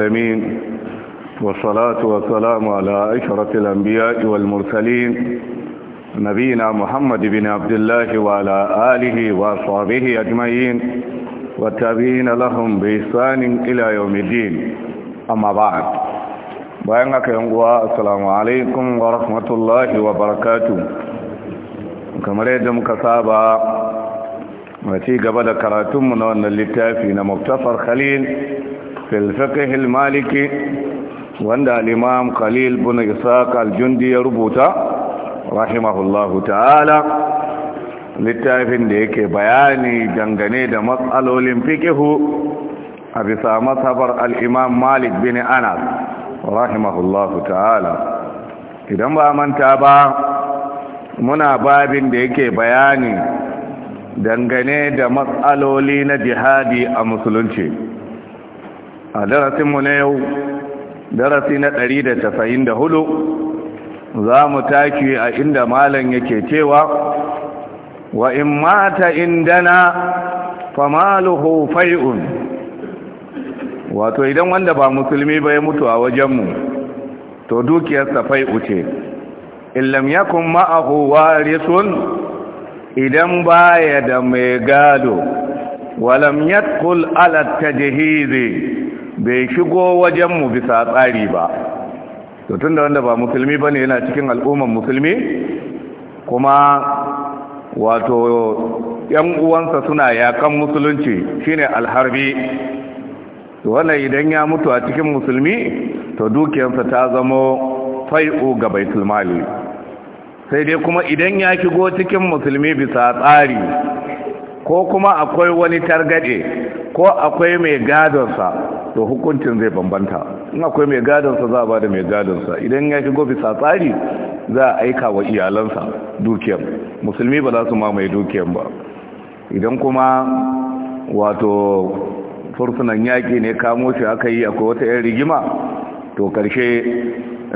العالمين والصلاة والسلام على عشرة الأنبياء والمرسلين نبينا محمد بن عبد الله وعلى آله وصحبه أجمعين والتابعين لهم بإحسان إلى يوم الدين أما بعد بأنك ينقوى السلام عليكم ورحمة الله وبركاته كما ريدم كسابة وتي قبل كراتم من اللتافي مختصر خليل fil fiqh maliki wanda al-imam Khalil bin Isaq al-Jundi ya rubuta rahimahullahu ta'ala littafin da yake bayani dangane da matsalolin fikihu a bisa matsabar al'imam malik bin anas rahimahullahu ta'ala idan ba manta ba muna babin da yake bayani dangane da matsaloli na jihadi a musulunci a darasinmu na yau darasi na ɗari da tasa'in da hudu za mu taki a inda malam yake cewa wa in mata indana famaluhu fai'un wato idan wanda ba musulmi ba ya mutu a wajenmu to dukiyarsa fai'u ce illam yakun ma'ahu warisun idan baya da mai gado walam yadkul ala tajhizi bai shigo wajenmu bisa tsari ba to tunda wanda ba musulmi ba ne yana cikin al'umman musulmi kuma wato yan uwansa suna yakan musulunci shine alharbi to wannan idan ya mutu a cikin musulmi to dukiyarsa ta zama fai'u ga baitul mali sai dai kuma idan ya shigo cikin musulmi bisa tsari ko kuma akwai wani targade, ko akwai mai gadonsa to hukuncin zai bambanta in akwai mai gadonsa za a ba da mai gadonsa idan ya shigo bisa tsari za a aika wa iyalansa dukiyar musulmi ba za su ma mai dukiyar ba idan kuma wato fursunan yaƙi ne kamo shi aka yi akwai wata 'yan rigima to ƙarshe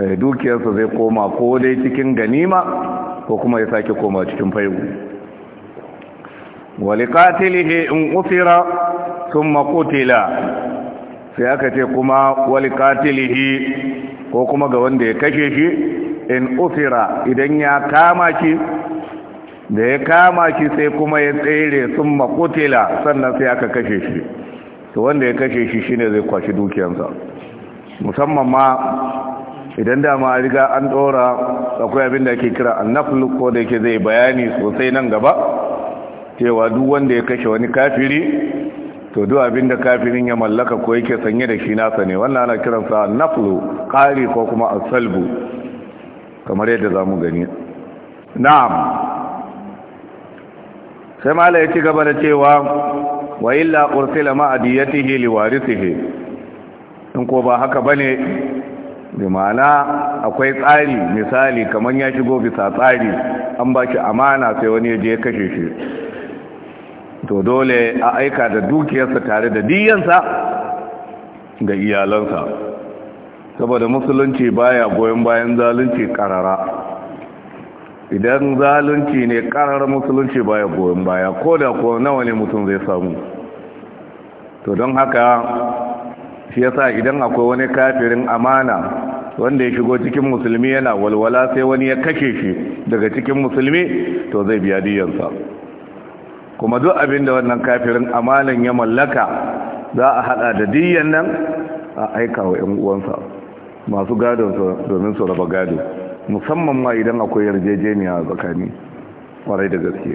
eh, dukiyarsa zai koma ko dai cikin ganima ko kuma ya sake koma cikin faiwu walikatilihi in ufira sun makotila sai aka ce kuma walikatilihi ko kuma ga wanda ya kashe shi in ufira idan ya kama shi da ya kama shi sai kuma ya tsere sun makotila sannan sai aka kashe shi to wanda ya kashe shi shine zai kwashi dukiyansa musamman ma idan dama riga an dora akwai abin da ake kira annaflu ko da yake zai bayani sosai nan gaba cewa duk wanda ya kashe wani kafiri to duk abin da kafirin ya mallaka ko yake sanye da shi nasa ne wannan ana kiransa naflu ƙari ko kuma asalbu kamar yadda za mu gani na'am sai mala ya ci gaba da cewa wa illa ursila ma'adiyatihi liwarisihi in ko ba haka bane bi ma'ana akwai tsari misali kamar ya shigo bisa tsari an ba shi amana sai wani ya je ya kashe shi to dole a aika da dukiyarsa tare da diyansa ga iyalansa saboda musulunci baya goyon bayan zalunci karara idan zalunci ne karar musulunci baya goyon baya ko da ko nawa ne mutum zai samu to don haka shi yasa idan akwai wani kafirin amana wanda ya shigo cikin musulmi yana walwala sai wani ya kashe shi daga cikin musulmi to zai biya diyansa kuma duk abin da wannan kafirin amalan ya mallaka za a hada da diyan nan a aika wa 'yan uwansa masu gadon domin su raba gado musamman ma idan akwai yarjejeniya a tsakani kwarai da gaske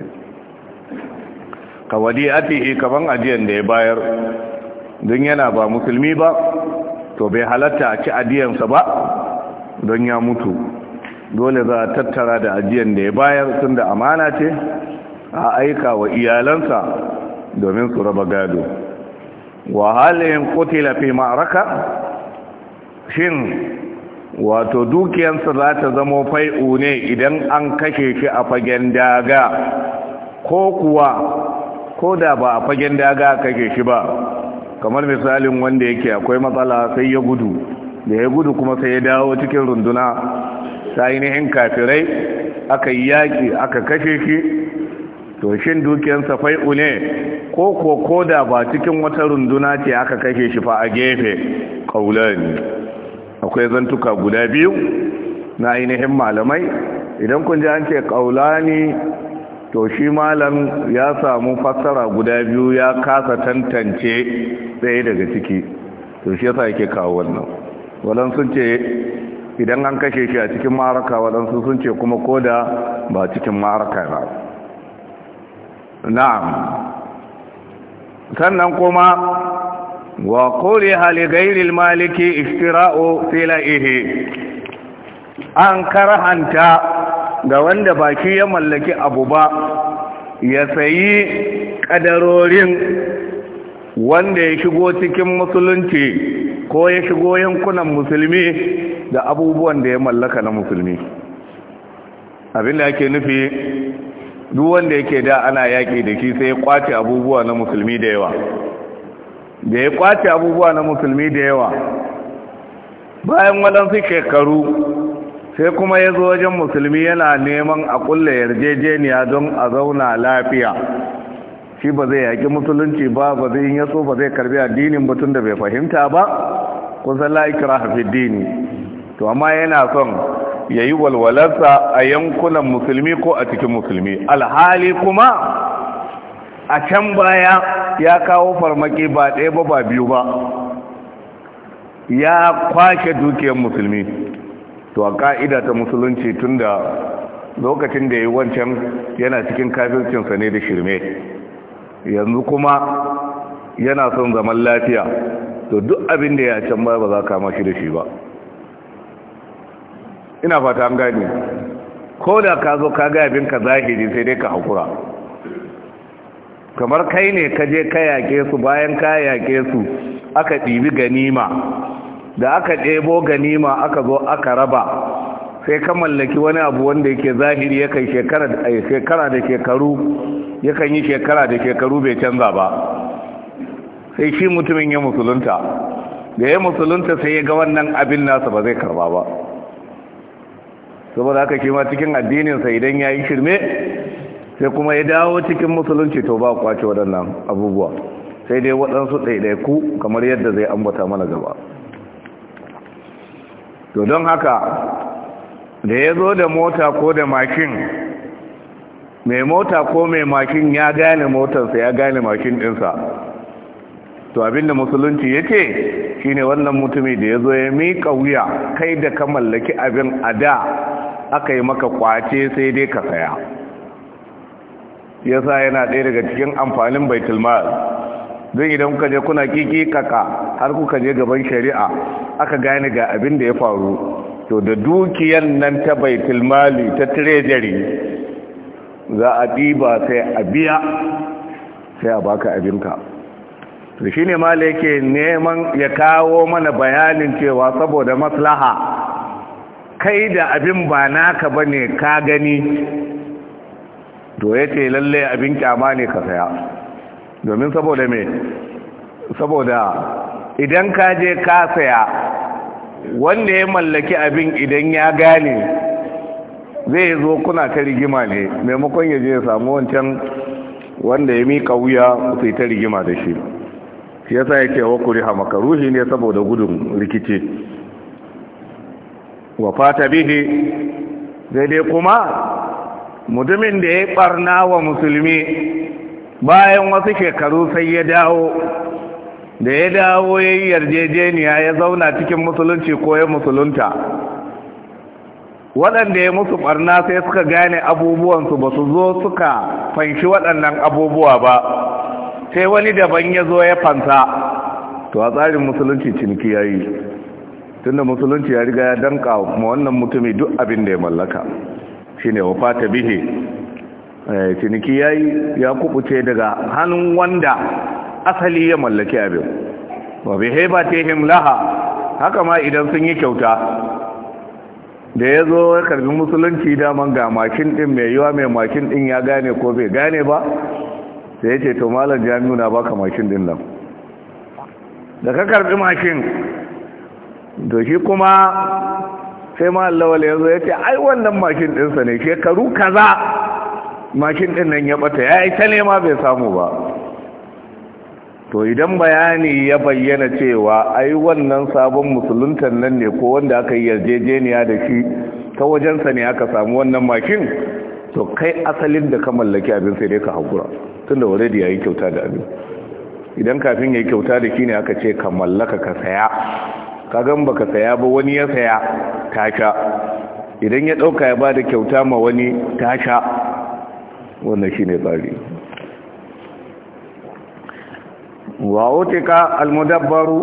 ka wadi fiye kaban ajiyan da ya bayar don yana ba musulmi ba to bai halatta a ci ajiyansa ba don ya mutu dole za a tattara da ajiyan da ya bayar tun da amana ce a aika wa iyalansa domin su raba gado wa halin kutila fi ma'araka shin wato dukiyansa za ta zama fai'u ne idan an kashe shi a fagen daga ko kuwa ko da ba a fagen daga kashe shi ba kamar misalin wanda yake akwai matsala sai ya gudu da ya gudu kuma sai ya dawo cikin runduna ta ainihin kafirai aka yi yaƙi aka kashe shi to shin dukiyansa fai'u ne ko ko koda ba cikin wata runduna ce aka kashe shi fa a gefe kaulani akwai zantuka guda biyu na ainihin malamai idan kun ji an ce kaulani to shi malam ya samu fassara guda biyu ya kasa tantance tsaye daga ciki to shi yasa yake kawo wannan walan sun ce idan an kashe shi a cikin ma'araka waɗansu sun ce kuma koda ba cikin ma'araka ba na'am sannan kuma wa quriha hali ghayril maliki iftira'u filaihi an karhanta ga wanda baki ya mallaki abu ba ya sayi kadarorin wanda ya shigo cikin musulunci ko ya shigo yankunan musulmi da abubuwan da ya mallaka na musulmi abin da ake nufi duk wanda yake da ana yaƙi da shi sai ya kwace abubuwa na musulmi da yawa da ya kwace abubuwa na musulmi da yawa bayan waɗansu shekaru sai kuma ya zo wajen musulmi yana neman a kulle yarjejeniya don a zauna lafiya shi ba zai yaƙi musulunci ba ba zai yin yaso ba zai karbi addinin mutum da bai fahimta ba kusan la'ikira hafi dini to amma yana son Yayi walwalarsa a yankunan musulmi ko a cikin musulmi alhali kuma a can baya ya kawo farmaki ba ɗaya ba ba biyu ba ya kwashe dukiyar musulmi to a ka'ida ta musulunci tun da lokacin da ya yi wancan yana cikin kafircinsa ne da shirme yanzu kuma yana son zaman lafiya to duk abin da ya can baya ba za ka kama shi da shi ba ina fata an gani ko da ka zo ka ga abin ka zahiri sai dai ka hakura kamar kai ne ka je ka yake su bayan ka yake su aka ɗibi ganima da aka ɗebo ganima aka zo aka raba sai ka mallaki wani abu wanda yake zahiri yakan eh, shekara da shekaru yakan yi shekara da shekaru bai canza ba sai shi mutumin ya musulunta da ya musulunta sai ya ga wannan abin nasa ba zai karba ba saboda haka shi ma cikin addininsa idan ya yi shirme sai kuma ya dawo cikin musulunci to ba kwace waɗannan abubuwa sai dai waɗansu ɗaiɗaiku kamar yadda zai ambata mana gaba to don haka da ya zo da mota ko da makin mai mota ko mai makin ya gane motarsa ya gane makin ɗinsa to abinda musulunci ya ce shi ne wannan mutumi da ya zo ya miƙa wuya kai da ka mallaki abin a da aka yi maka kwace sai dai ka saya yasa yana ɗaya daga cikin amfanin baitulmal don idan kuka je kuna kiki kaka har kuka je gaban shari'a aka gane ga abin da ya faru to da dukiyan nan ta baitulmali ta treasury za a ɗiba sai a biya sai a baka abinka to shine mala yake neman ya kawo mana bayanin cewa saboda maslaha kai da abin ba naka ba ne ka gani to ce lallai abin kyama ne ka saya domin saboda me saboda idan ka je ka saya wanda ya mallaki abin idan ya gane zai zo kuna ta rigima ne maimakon ya je ya samu wancan wanda ya mika wuya sai ta rigima da shi shi yasa yake wa kuriha makaruhi ne saboda gudun rikici wa fata bihi dai kuma mutumin da ya ɓarna wa musulmi bayan wasu shekaru sai ya dawo da ya dawo ya yi yarjejeniya ya zauna cikin musulunci ko ya musulunta waɗanda ya musu ɓarna sai suka gane abubuwansu ba su zo suka fanshi waɗannan abubuwa ba sai wani daban ya zo ya fansa, to a tsarin musulunci ciniki ya yi tunda musulunci ya riga ya danka ma wannan mutumi duk abin da ya mallaka shine ta bihi eh, ciniki yayi ya kubuce daga hannun wanda asali ya mallaki abin wa bihibatihim laha haka ma idan sun yi kyauta da ya zo ya karbi musulunci dama ga makin din mai yiwa mai makin din ya gane ko bai gane ba sai yace to malam jami'u na baka makin din nan da ka karbi makin Doki kuma sai ma allawal ya zo ya ce ai wannan mashin ɗinsa ne shekaru kaza mashin ɗin nan ya bata ya yi ta nema bai samu ba to idan bayani ya bayyana cewa ai wannan sabon musuluntan nan ne ko wanda aka yi yarjejeniya da shi ta wajensa ne aka samu wannan mashin to kai asalin da ka mallaki abin sai dai ka haƙura tunda already yayi kyauta da abin idan kafin yayi kyauta da shi ne aka ce ka mallaka ka saya kagan baka saya ba wani ya saya ta sha idan ya ɗauka ya ba kyauta ma wani ta sha wannan shi ne tsari wa wutika almudabbaru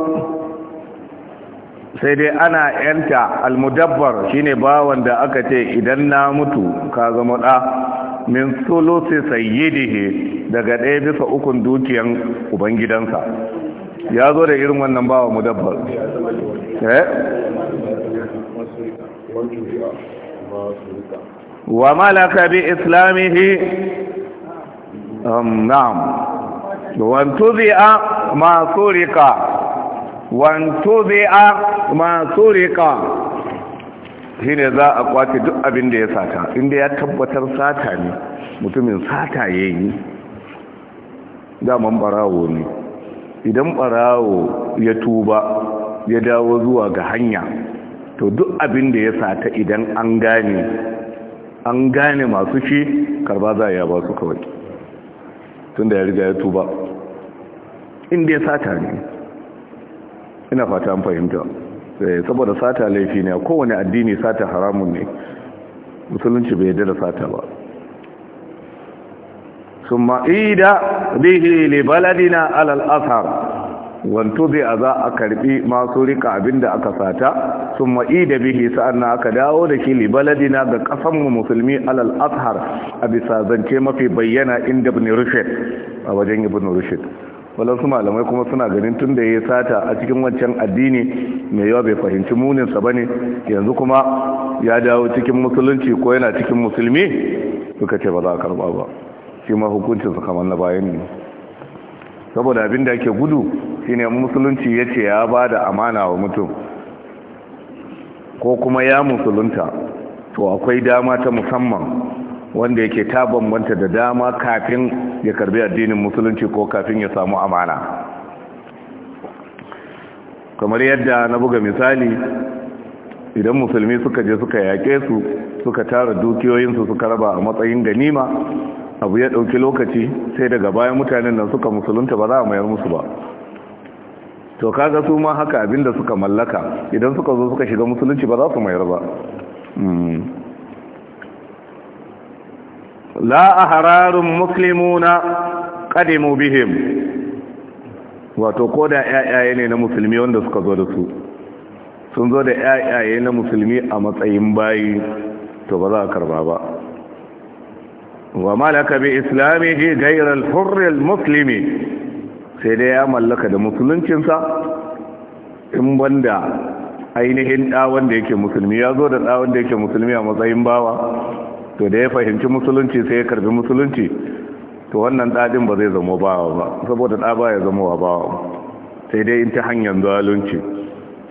sai dai ana yanta almudabbar shine bawan wanda aka ce idan na mutu ka zama da min sulusi sayyidihi daga ɗaya bisa ukun dukiyan ubangidansa ya zo da irin wannan bawa mudabbar eh wa malaka bi islamihi um, na'am wantuzi'a ma surika wantuzi'a ma Shi shine za a kwace duk abin da ya sata inda ya tabbatar sata ne mutumin sata yayi Da barawo ne idan ɓarawo ya tuba ya dawo zuwa ga hanya to duk abin da ya sata idan an gane an gane masu shi karba za a yi ba su kawai tun da ya riga ya tuba inda ya sata ne ina fata an fahimta eh, saboda sata laifi ne a kowane addini sata haramun ne musulunci bai yadda da sata ba ثم عيد به لبلدنا على الاثر wantuzi a za a ما masu rika da aka sata sun ma'i da na aka dawo da shi libaladina ga kasanmu musulmi alal ashar a bisa zance mafi bayyana inda ibn rushd a wajen malamai kuma suna ganin tun da ya sata a cikin wancan addini mai yawa bai fahimci muninsa ba ne yanzu kuma ya dawo cikin musulunci ko yana cikin musulmi suka ce ba za a karba ba shi ma su kamar na bayan ne saboda abin da ake gudu shine musulunci ya ce ya ba da amana wa mutum ko kuma ya musulunta to akwai dama ta musamman wanda yake ta bambanta da dama kafin ya karbi addinin musulunci ko kafin ya samu amana kamar yadda na buga misali idan musulmi suka je suka yaƙe su suka tara dukiyoyinsu suka raba a matsayin ganima abu ya ɗauki lokaci sai daga bayan mutanen nan suka musulunta ba za a mayar musu ba to kaga su ma haka abinda suka mallaka idan suka zo suka shiga musulunci ba za su mayar ba hmm. la ahrarun muslimuna qadimu bihim wato koda 'ya'ya ne na musulmi wanda suka zo da su sun zo da yayaye na musulmi a matsayin bayi to ba za a karba ba wa malaka bi islamihi ghayra al-hurr al-muslimi sai dai ya mallaka da musuluncinsa in banda ainihin da wanda yake musulmi ya da da wanda yake musulmi a matsayin bawa to da ya fahimci musulunci sai ya karbi musulunci to wannan dadin ba zai zama bawa ba saboda da ba ya zama wa bawa sai dai in ta hanyar zalunci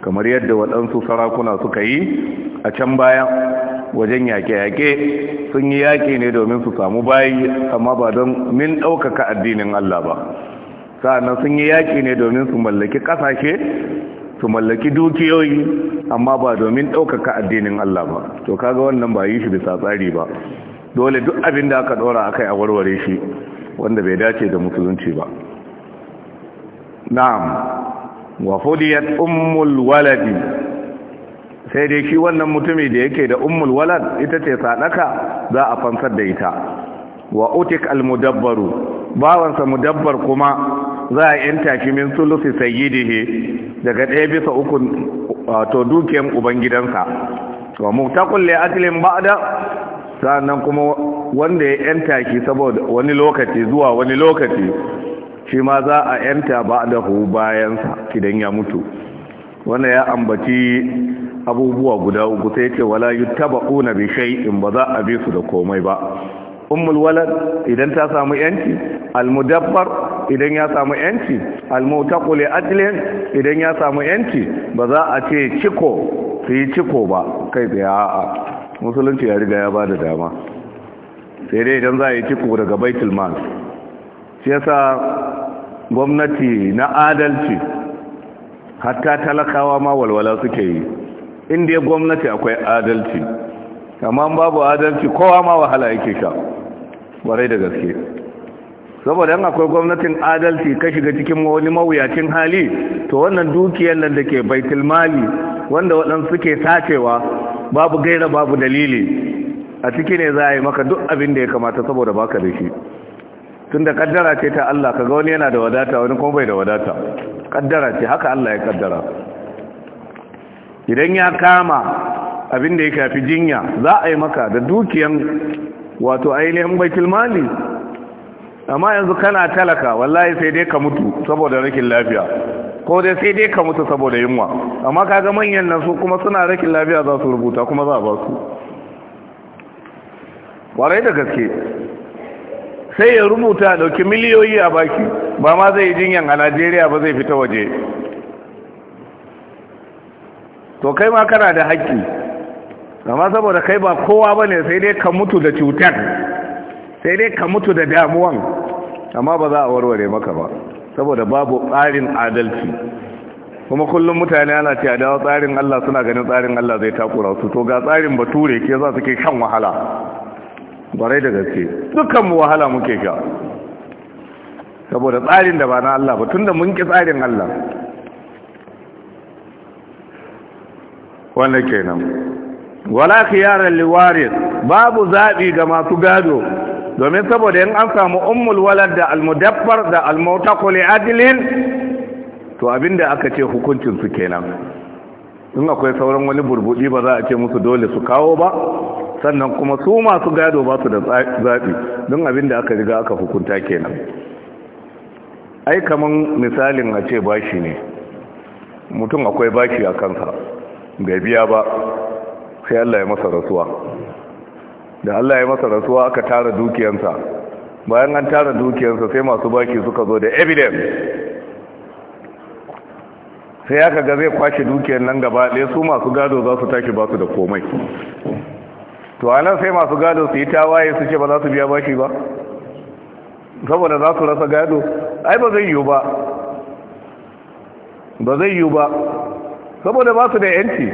kamar yadda waɗansu sarakuna suka yi a can baya wajen yaƙe-yaƙe sun yi yaƙi ne domin su samu bayi amma ba don min ɗaukaka addinin Allah ba sa'annan sun yi yaƙi ne domin su mallaki ƙasashe su mallaki dukiyoyi amma ba domin ɗaukaka addinin Allah ba to kaga wannan ba yi shi bisa tsari ba dole duk abin da aka ɗora akai a warware shi wanda bai dace da musulunci ba na'am wa fudiyat ummul waladi sai dai shi wannan mutumi da yake da ummul walad ita ce sadaka za a fansar da ita wa utik almudabbaru bawansa mudabbar kuma za a yanta shi min sulusi sayyidihi daga ɗaya bisa uku wato dukiyar ubangidansa wa muktaqul li atlin ba'da sannan kuma wanda ya yanta shi saboda wani lokaci zuwa wani lokaci shi ma za a yanta ba'dahu bayansa idan ya mutu wanda ya ambaci abubuwa guda uku sai ce wala una bi shay'in ba za a bi su da komai ba ummul walad idan ta samu yanci almudabbar idan ya samu yanci almutaqul ajlin idan ya samu yanci ba za a ce ciko su yi ciko ba kai tsaye a'a musulunci ya riga ya ba da dama sai dai idan za a yi ciko daga baitul mal shi yasa gwamnati na adalci hatta talakawa ma walwala suke yi inda ya gwamnati akwai adalci amma babu adalci kowa ma wahala yake sha warai da gaske saboda yan akwai gwamnatin adalci ka shiga cikin wani mawuyacin hali to wannan dukiyar nan da ke baitul mali wanda waɗansu suke sacewa babu gaira babu dalili a ciki ne za a yi maka duk abin da ya kamata saboda baka da shi tun da kaddara ce ta Allah kaga wani yana da wadata wani kuma bai da wadata kaddara ce haka Allah ya kaddara idan ya kama abin da ya kafi jinya za a yi maka da dukiyan wato ainihin baikil mali amma yanzu kana talaka wallahi sai dai ka mutu saboda rikin lafiya ko dai sai dai ka mutu saboda yunwa amma kaga manyan nan su kuma suna rikin lafiya za su rubuta kuma za a ba su warai da gaske sai ya rubuta dauki miliyoyi a baki ba ma zai yi jinyan a najeriya ba zai fita waje to kai ma kana da haƙƙi amma saboda kai ba kowa ba ne sai dai ka mutu da cutar sai dai ka mutu da damuwan amma ba za a warware maka ba saboda babu tsarin adalci kuma kullum mutane ana ce a dawo tsarin Allah suna ganin tsarin Allah zai takura su to ga tsarin bature ke za su ke shan wahala barai da gaske dukkan mu wahala muke sha saboda tsarin da ba na Allah ba tunda mun ki tsarin Allah wanda kenan wala khiyaran liwaris babu zabi ga masu gado domin saboda in an samu ummul walad da almudaffar da almutaqu li adlin to abinda aka ce hukuncin su kenan in akwai sauran wani burbudi ba za a ce musu dole su kawo ba sannan kuma su masu gado ba su da zabi don abinda aka riga aka hukunta kenan ai kaman misalin a ce bashi ne mutum akwai bashi a kansa bai biya ba sai Allah ya masa rasuwa da Allah ya masa rasuwa aka tara dukiyansa bayan an tara dukiyansa sai masu baki suka zo da evidence sai aka ga zai kwashe dukiyan nan gaba ɗaya su masu gado za su tashi ba su da komai to nan sai masu gado su yi tawaye su ce ba za su biya bashi ba saboda za su rasa gado ai ba zai yiwu ba ba zai yiwu ba saboda ba su da yanci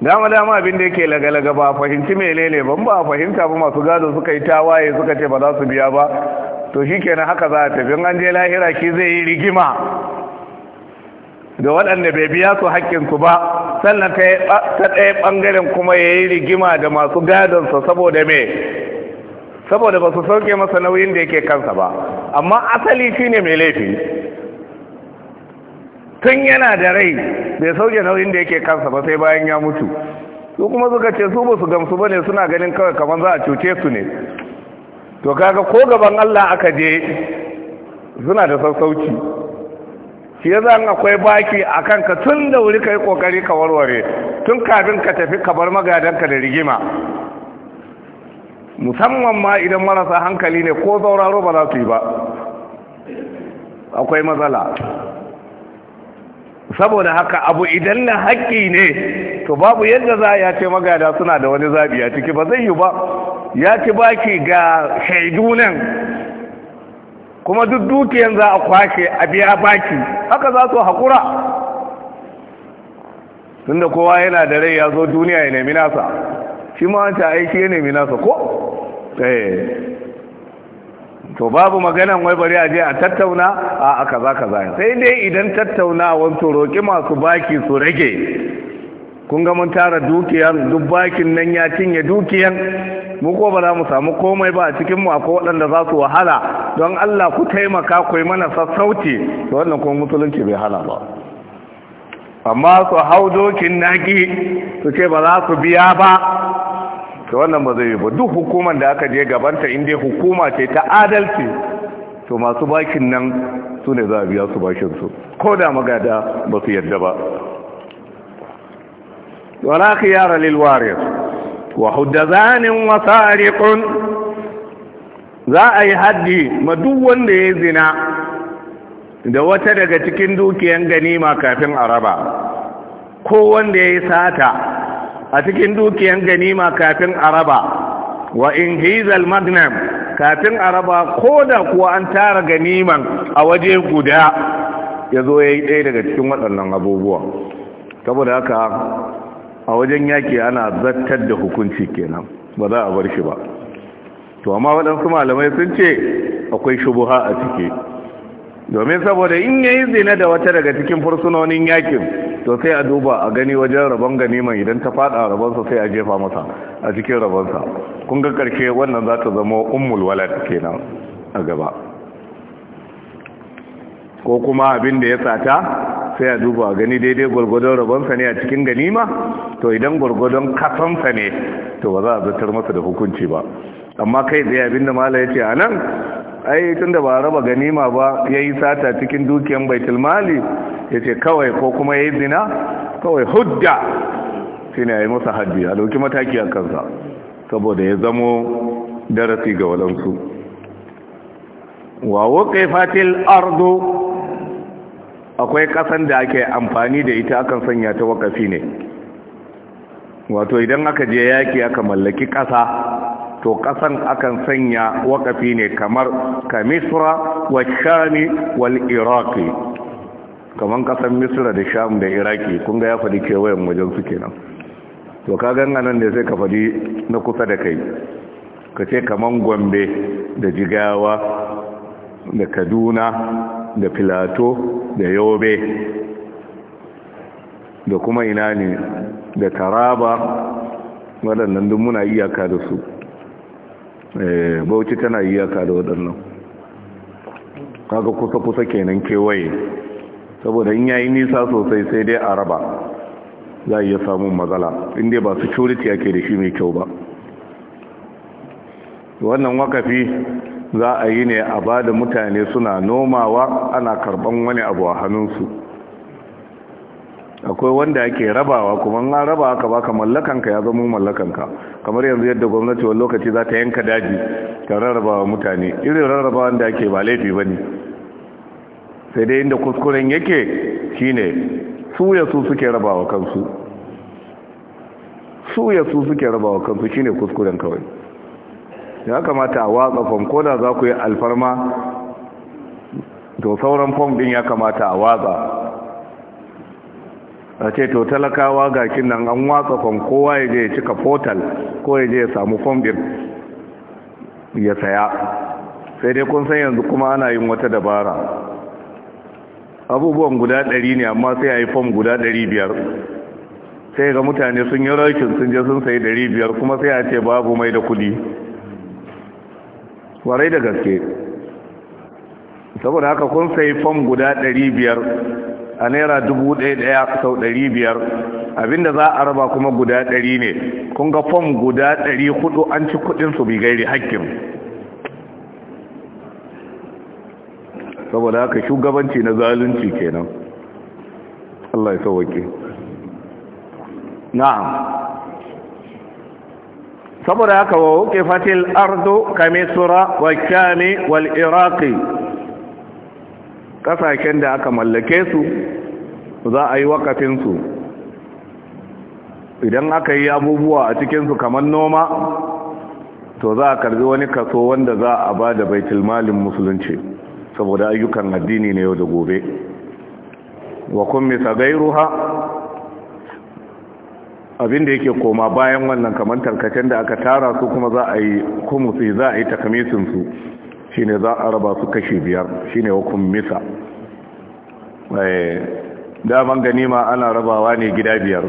dama dama abin da yake lagalaga ba fahimci mai lele ban ba fahimta ba masu gado suka yi tawaye suka ce ba za su biya ba to shi kenan haka za a tafi an je lahira ki zai yi rigima da waɗanda bai biya su haƙƙinsu ba sannan ta ɗaya ɓangaren kuma ya yi rigima da masu gadonsa saboda me saboda ba su sauke masa nauyin da yake kansa ba amma asali shi ne mai laifi tun yana da rai bai sauke nauyin da yake kansa ba sai bayan ya mutu su kuma suka ce su ba su gamsu ba ne suna ganin kawai kamar za a cuce su ne to kaga ko gaban Allah aka je suna da sassauci shi ya zan akwai baki a kanka tun da wuri ka yi kokari ka warware tun kafin ka tafi ka bar magadanka da rigima musamman ma idan marasa hankali ne ko zauraro ba za su yi ba akwai matsala saboda haka abu idan na haƙƙi ne to babu yadda za ya ce magada suna da wani zabi a ciki ba zai yi ba ya ci baki ga shaidu nan kuma duk dukiyan za a kwashe a biya baki haka za su haƙura tunda kowa yana da rai ya zo duniya ya nemi nasa shi ma an ta aiki ya nemi nasa ko? eh to babu maganan wai bari a je a tattauna a aka za ka sai dai idan tattaunawar wato roƙi masu baki su rage kun ga mun tara dukiyan duk bakin nan ya cinye dukiyan mu ko ba za mu samu komai ba a cikin mu akwai waɗanda za su wahala don Allah ku taimaka ku yi mana sassauci to wannan kuma musulunci bai hana ba amma su hau dokin naki su ce ba za su biya ba to wannan ba zai yi ba duk hukumar da aka je gabanta inda hukuma ce ta adalci to masu bakin nan su ne za a biya su su ko da magada ba su yadda ba wala khiyara lil waris wa wasa wa sariqun za a yi haddi ma duk wanda ya zina da wata daga cikin dukiyan ganima kafin araba ko wanda ya yi sata a cikin dukiyan ganima kafin araba wa in hizal magnam kafin araba ko da kuwa an tara ganiman a waje guda ya zo ya yi ɗaya daga cikin waɗannan abubuwa saboda haka a wajen yaki ana zartar da hukunci kenan ba za a bar shi ba to amma waɗansu malamai sun ce akwai shubuha a ciki domin saboda in ya yi zina da wata daga cikin fursunonin yakin to sai a duba a gani wajen rabon ganiman idan ta fada rabonsa sai a jefa masa a cikin rabonsa kun ga karshe wannan za ta zama ummul walad kenan a gaba ko kuma abin da ya sata sai a duba a gani daidai gwargwadon rabonsa ne a cikin ganima to idan gwargwadon kasansa ne to ba za a zartar masa da hukunci ba amma kai tsaye abin da mala ya ce a nan ai tun da ba raba ganima ba ya yi sata cikin dukiyan baitul mali ya ce kawai ko kuma ya yi zina kawai hudda shi ne ya yi masa haddi a dauki mataki a kansa saboda ya zamo darasi ga walansu wa wuƙe ardo akwai kasan da ake amfani da ita akan sanya ta wakafi ne wato idan aka je yaki aka mallaki ƙasa to kasan akan sanya wakafi ne kamar ka misra wa shami wal iraqi kamar kasan misra da sham da iraki kun ga ya faɗi kewayen wajen su kenan to ka ganga nan ne sai ka faɗi na kusa da kai ka ce kaman gombe da jigawa da kaduna da filato da yobe da kuma ina ne da taraba waɗannan duk muna iyaka da su Eh, bauchi tana iyaka da waɗannan kaga kusa-kusa kenan kewaye saboda in yayi nisa sosai sai dai a raba za a iya samun matsala inda ba security ake da shi mai kyau ba wannan wakafi za a yi ne a ba da mutane suna nomawa ana karban wani abu a hannunsu akwai wanda yake rabawa kuma na raba ka baka mallakanka ya zama mallakanka kamar yanzu yadda gwamnati wani lokaci za ta yanka daji ta rarrabawa mutane irin rarraba wanda ake ba laifi ba ne sai dai inda kuskuren yake shine su ya su suke rabawa kansu su ya su suke rabawa kansu shine kuskuren kawai ya kamata a watsa fom ko da za ku yi alfarma to sauran fom din ya kamata a watsa a ce to talakawa ga nan an watsa fom kowa ya je ya cika portal ko ya je ya samu fom din ya saya sai dai kun san yanzu kuma ana yin wata dabara abubuwan guda ɗari ne amma sai a yi fom guda ɗari biyar sai ga mutane sun yi rakin sun je sun sayi ɗari biyar kuma sai a ce babu mai da kudi warai da gaske saboda haka kun sayi fom guda ɗari biyar a naira dubu ɗaya ɗaya sau ɗari biyar abinda za a raba kuma guda ɗari ne kun ga fom guda ɗari hudu an ci kuɗin su bigairi hakkin saboda haka shugabanci na zalunci kenan Allah ya sauwake na'am saboda haka wa wuke fatil ardu kamisura wa kyami wal iraqi ƙasashen da aka mallake su za a yi wakafinsu idan aka yi abubuwa a cikinsu kamar noma to za a karbi wani kaso wanda za a ba da malin musulunci saboda ayyukan addini ne yau da gobe wa kun misa gairuha abinda yake koma bayan wannan kamar tarkacen da aka tara su kuma za a yi kumusi za a yi takamisinsu shine za a raba su kashi biyar shine hukum misa eh, daman ganima ana rabawa ne gida biyar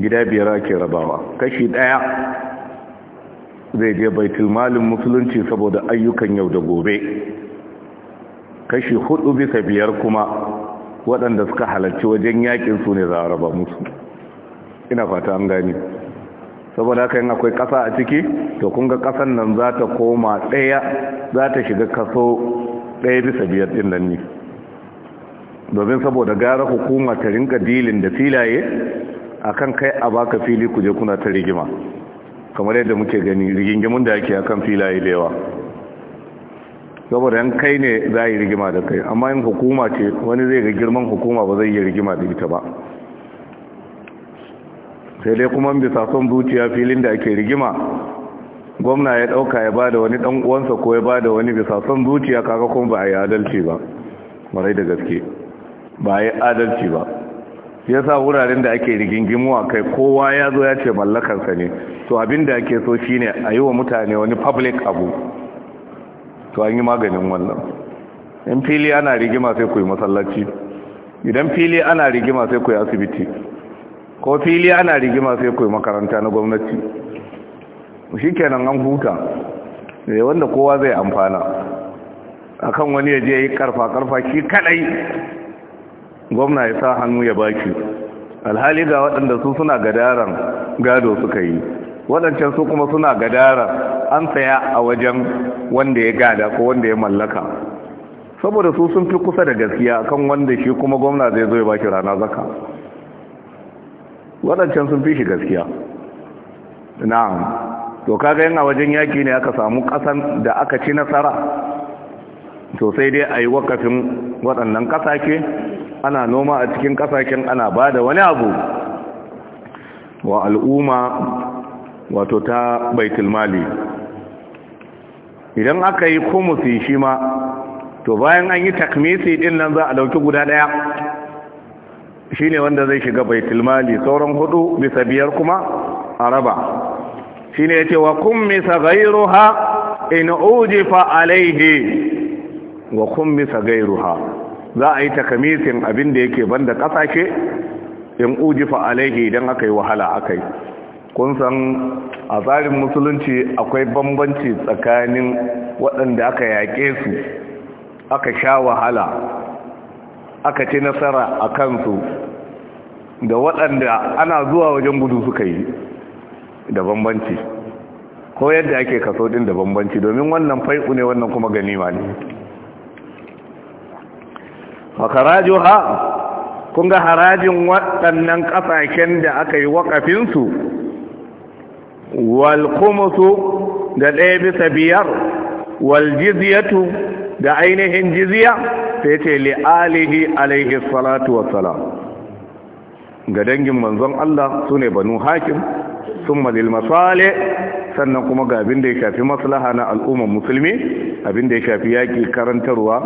gida biyar ake rabawa kashi daya zai je baitul malin musulunci saboda ayyukan yau da gobe kashi hudu bisa biyar kuma waɗanda suka halarci wajen yakin su ne za a raba musu ina fata an gani saboda haka yin akwai kasa a ciki to kunga ga ƙasan nan za ta koma ɗaya za ta shiga kaso ɗaya bisa biyar din nan ne domin saboda gara hukuma ta rinka dilin da filaye akan kai a baka fili kuje kuna ta rigima kamar yadda muke gani rigingimun da ake akan filaye da yawa saboda yan kai ne za a yi rigima da kai amma yin hukuma ce wani zai ga girman hukuma ba zai yi rigima da ita ba sai dai kuma bisa son zuciya filin da ake rigima gwamna ya dauka ya bada wani dan uwansa ko ya bada wani bisa son zuciya kaga kuma ba a yi adalci ba marai da gaske ba a yi adalci ba ya sa wuraren da ake rigingimu a kai kowa ya zo ya ce mallakarsa ne to abin da ake so shine a yi wa mutane wani public abu to an yi maganin wannan in fili ana rigima sai ku yi masallaci idan fili ana rigima sai ku yi asibiti ko fili ana rigima sai koyi makaranta na gwamnati shi kenan an huta ne eh, wanda kowa zai amfana akan wani ya je yi karfa-karfa shi kadai gwamna ya sa hannu ya baki alhali ga waɗanda su suna gadaran gado suka yi waɗancan su kuma suna gadara an saya a wajen wanda ya gada ko wanda ya mallaka saboda su sun fi kusa da gaskiya kan wanda shi kuma gwamna zai zo ya baki rana zaka waɗancan sun fi shi gaskiya na'am to kaga yana wajen yaki ne aka samu ƙasan da aka ci nasara to sai dai a yi wakafin waɗannan ƙasashe ana noma a cikin ƙasashen ana ba da wani abu wa al'umma wato ta baitulmali idan aka yi kumusi shi ma to bayan an yi takmisi ɗin nan za a ɗauki guda ɗaya Shi ne wanda zai shiga baitul mali sauran hudu bisa biyar kuma a raba. Shi ne ya ce, wa kummi ha in ujifa alaihi wa kummi ha za a yi takamisin abin da yake banda kasashe in ujifa alaihi idan aka yi wahala aka yi. kun san a tsarin musulunci akwai bambanci tsakanin waɗanda aka yaƙe su aka sha wahala aka ce nasara a kansu da waɗanda ana zuwa wajen gudu suka yi da bambanci ko yadda ake kaso ɗin da bambanci domin wannan fai'u ne wannan kuma ganima ne makarajo ha kun ga harajin waɗannan ƙasashen da aka yi waƙafinsu walkumusu da ɗaya bisa biyar waljiziyatu da ainihin jiziya sai ce li alihi alaihi salatu wassalam ga dangin manzon Allah sune banu hakim summa lil masale sannan kuma ga abin da ya shafi maslaha na al'ummar musulmi abin da ya shafi yaƙi karantarwa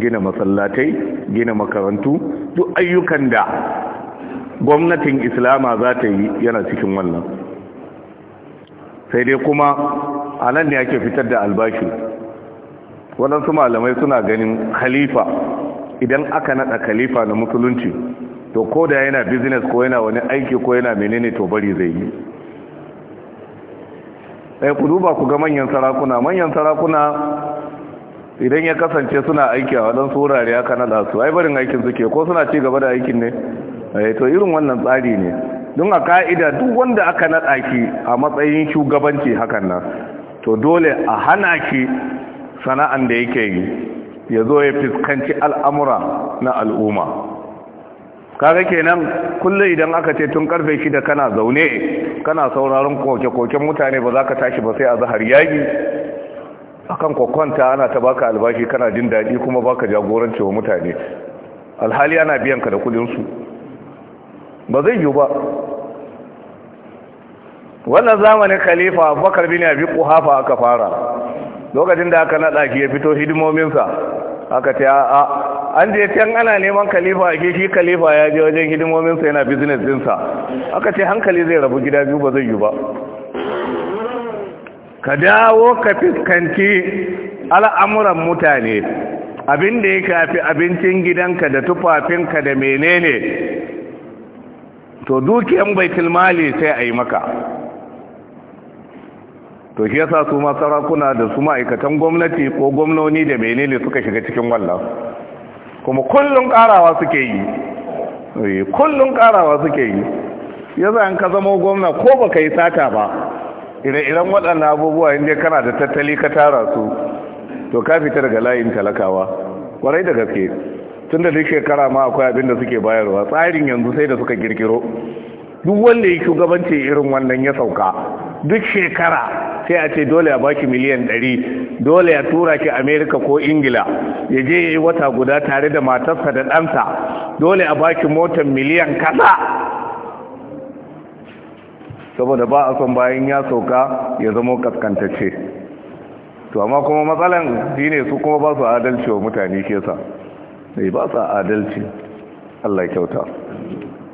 gina masallatai gina makarantu duk ayyukan da gwamnatin islama za ta yi yana cikin wannan sai dai kuma a nan ne ake fitar da albashi waɗansu malamai suna ganin khalifa idan aka naɗa khalifa na musulunci to ko da yana business ko yana wani aiki ko yana menene to bari zai yi ɗaya eh, ku duba ku ga manyan sarakuna manyan sarakuna idan ya kasance suna aiki a waɗansu wurare aka naɗa su ai barin aikin suke ko suna ci gaba da aikin ne eh, to irin wannan tsari ne don a ka'ida duk wanda aka naɗa ki a matsayin shugabanci hakan nan to dole a hana ki sana'an da yake yi ya zo ya fiskanci al'amura na al'umma kaga kenan kullum idan aka ce tun karfe shida kana zaune kana sauraron koke-koken mutane ba za ka tashi ba sai a zahar yagi kan kwakwanta ana ta baka albashi kana jin daɗi kuma baka jagoranci wa mutane alhali ana biyan ka da kudinsu ba zai yiwu ba wannan zamanin khalifa bakar bin abi kuhafa aka fara lokacin da aka naɗa ki ya fito hidimominsa aka ce a an je can ana neman kalifa a shi kalifa ya je wajen hidimominsa yana business dinsa aka ce hankali zai rabu gida biyu ba zai yi ba ka dawo ka fiskanci al'amuran mutane abin da ya kafi abincin gidanka da tufafinka da menene to dukiyan baitulmali sai a yi maka to shi yasa su ma sarakuna da su ma'aikatan gwamnati ko gwamnoni da menene suka shiga cikin wallan kuma kullun karawa suke yi eh, kullun karawa suke yi yasa an ka zama gwamna ko baka yi sata ba ire-iren waɗannan abubuwa inda kana da tattali ka tara su to ka fita daga layin talakawa kwarai da gaske tun da duk shekara ma akwai abin da suke bayarwa tsarin yanzu sai da suka girgiro duk wanda ya shugabanci irin wannan ya sauka duk shekara sai a ce dole a baki miliyan ɗari dole ya tura ki amerika ko ingila ya je ya yi wata guda tare da matarsa da ɗansa dole a baki motar miliyan kasa saboda ba a son bayan ya sauka ya zama kaskantacce to amma kuma matsalan ne su kuma ba su adalci wa mutane kesa ne ba su adalci Allah kyauta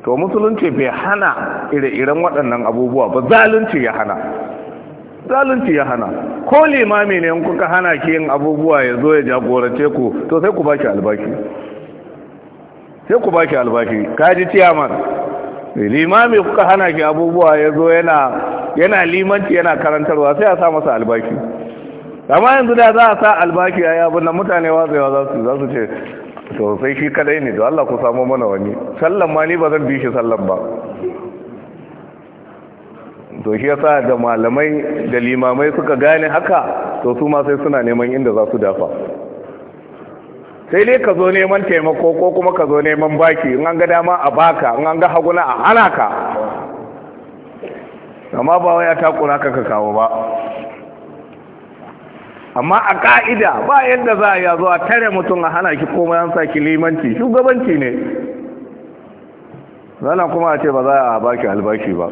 to musulunci bai hana ire-iren waɗannan abubuwa ba zalunci ya hana zalunci ya hana ko limami ne in kuka hana ki yin abubuwa ya zo ya jagorace ku to sai ku baki albaki sai ku baki albaki kaji ciyaman eh, limami kuka hana ki abubuwa ya zo yana yana limanci yana karantarwa sai a sa masa albaki amma yanzu da za a sa albaki a yabin da mutane watsewa za su ce so shi kadai ne da Allah ku samu mana wani sallan ma ni ba zan bi shi sallan ba to shi yasa da malamai da limamai suka gane haka to su ma sai suna neman inda za su dafa sai dai ka zo neman taimako ko kuma ka zo neman baki in an ga dama a baka in an ga haguna a hana ka amma ba wai a takura ka ka kawo ba amma a ka'ida ba yadda za a yi zuwa tare mutum a hana ki komai an sa kilimanci limanci shugabanci ne zana kuma a ce ba za a baki albashi ba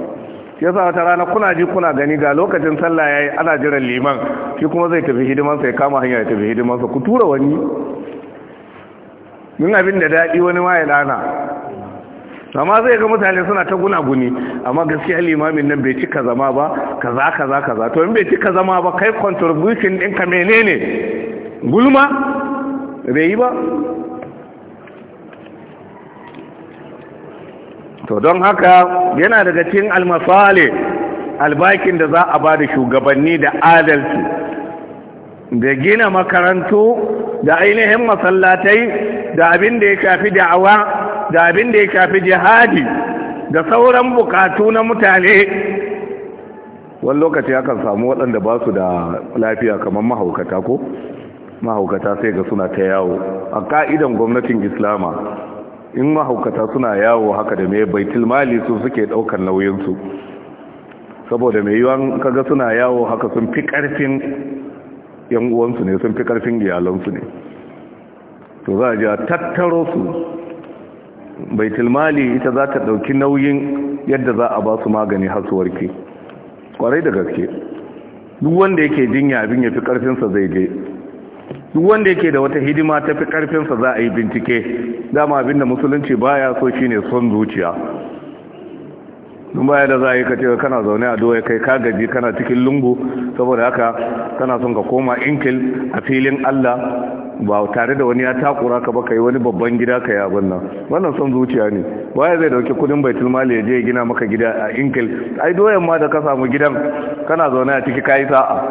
ya sa wata rana kuna ji kuna gani ga lokacin sallah ya yi ana jiran liman shi kuma zai tafi hidimansa ya kama hanya tafi hidimansa ku tura wani yin abin da daɗi wani ma ya lana amma zai ga mutane suna ta guni, amma gaskiya limamin nan bai cika zama ba kaza kaza kaza to in bai cika zama ba kai contribution ɗinka menene gulma bai yi ba to don haka yana daga cikin almasale albakin da za a ba da shugabanni da adalci da gina makarantu da ainihin masallatai da abin da ya shafi da'awa da abin da ya shafi jihadi da sauran bukatu na mutane wani lokaci akan samu waɗanda ba su da lafiya kamar mahaukata ko mahaukata sai ga suna ta yawo a ka'idan gwamnatin islama in mahaukata suna yawo haka da mai baitul mali su suke ɗaukar nauyinsu saboda mai yiwuwa kaga suna yawo haka sun fi ƙarfin yan uwansu ne sun fi ƙarfin iyalansu ne to za a ji a tattaro su baitulmali ita za ta ɗauki nauyin yadda za a ba su magani hasuwarki. kwarai da gaske duk wanda yake jinya abin ya fi ƙarfinsa zai je duk wanda yake da wata hidima ta fi ƙarfinsa za a yi bincike dama abin da musulunci baya so shine son zuciya don baya da za a yi ka kana zaune a doya kai ka gaji kana cikin lungu saboda haka kana son ka koma inkil a filin Allah ba tare da wani ya takura ka ba kai wani babban gida ka yi abin nan wannan son zuciya ne waye zai dauki kudin baitul mali ya je gina maka gida a inkil ai doyan ma da ka samu gidan kana zaune a ciki kayi sa'a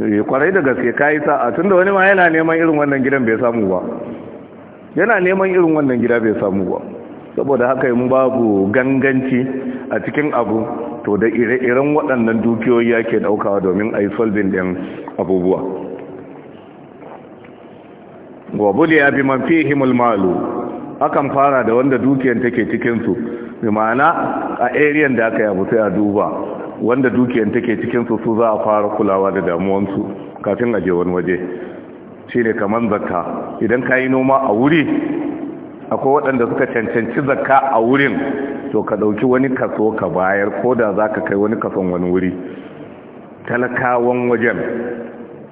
eh, kwarai da gaske kayi sa'a tunda wani ma yana neman irin wannan gidan bai samu ba yana neman irin wannan gida bai samu ba saboda haka yin babu ganganci a cikin abu to da ire-iren waɗannan dukiyoyi ake ɗaukawa domin a yi solving ɗin abubuwa wa ya bi man himul malu akan fara da wanda dukiyar take cikin su bi ma'ana a ariyan da aka yabu sai a duba wanda dukiyar take cikin su su za a fara kulawa da damuwan kafin a je wani waje Shi ne kamar zakka idan ka yi noma a wuri akwai waɗanda suka cancanci zakka a wurin to ka ɗauki wani kaso ka bayar ko da za ka kai wani kason wani wuri talakawan wajen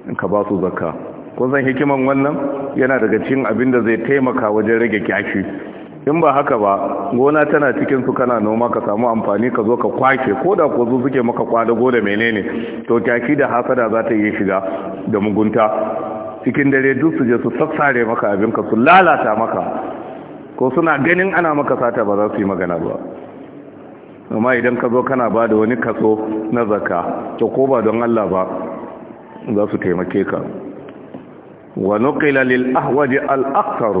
in ka ba su zakka ko zan hikiman wannan yana daga cikin abin da zai taimaka wajen rage kyashi in ba haka ba gona tana cikin su kana noma ka samu amfani ka zo ka kwake ko da ko zo suke maka kwada da menene to kyashi da hasada za ta iya shiga da mugunta cikin dare duk su je su sassare maka abin ka su lalata maka ko suna ganin ana maka sata ba za su yi magana ba amma idan ka zo kana ba da wani kaso na zaka to ko ba don Allah ba za su taimake ka wa nuqila lil ahwaj al akthar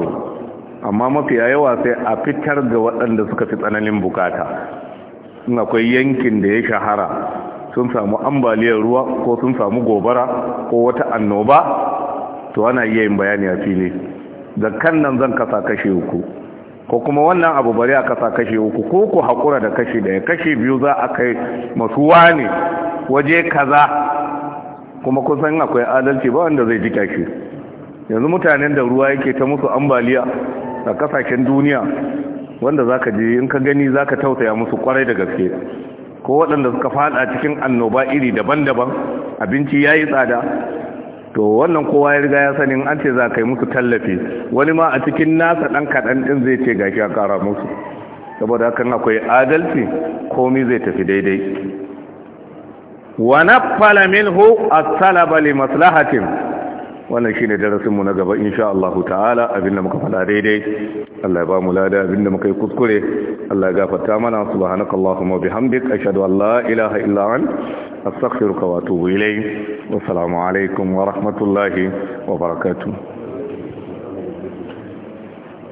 amma mafi yawa sai a fitar ga waɗanda suka fi tsananin bukata in akwai yankin da ya shahara sun samu ambaliyar ruwa ko sun samu gobara ko wata annoba to ana iya yin bayani a fili zakkan nan zan kasa kashe uku ko kuma wannan abu bari a kasa kashe uku ko ku haƙura da kashe daya kashe biyu za a kai masuwa ne waje kaza kuma kusan akwai adalci ba wanda zai ji shi yanzu mutanen da ruwa yake ta musu ambaliya a kasashen duniya wanda zaka je in ka gani zaka tausaya musu kwarai da gaske ko waɗanda suka fada cikin annoba iri daban-daban abinci ya yi tsada to wannan kowa ya riga ya sani an ce za ka yi musu tallafi wani ma a cikin nasa ɗan kaɗan ɗin zai ce gashi a ƙara musu saboda hakan akwai adalci komi zai tafi daidai wa naffala minhu as Salaba li maslahatin wannan shine darasin mu na gaba insha Allah ta'ala abinda muka faɗa daidai Allah ya ba mu lada abinda muka yi kuskure Allah ya gafarta mana subhanakallahumma wa bihamdik ashhadu an la ilaha illa an astaghfiruka wa atubu ilayk wa assalamu alaikum wa rahmatullahi wa barakatuh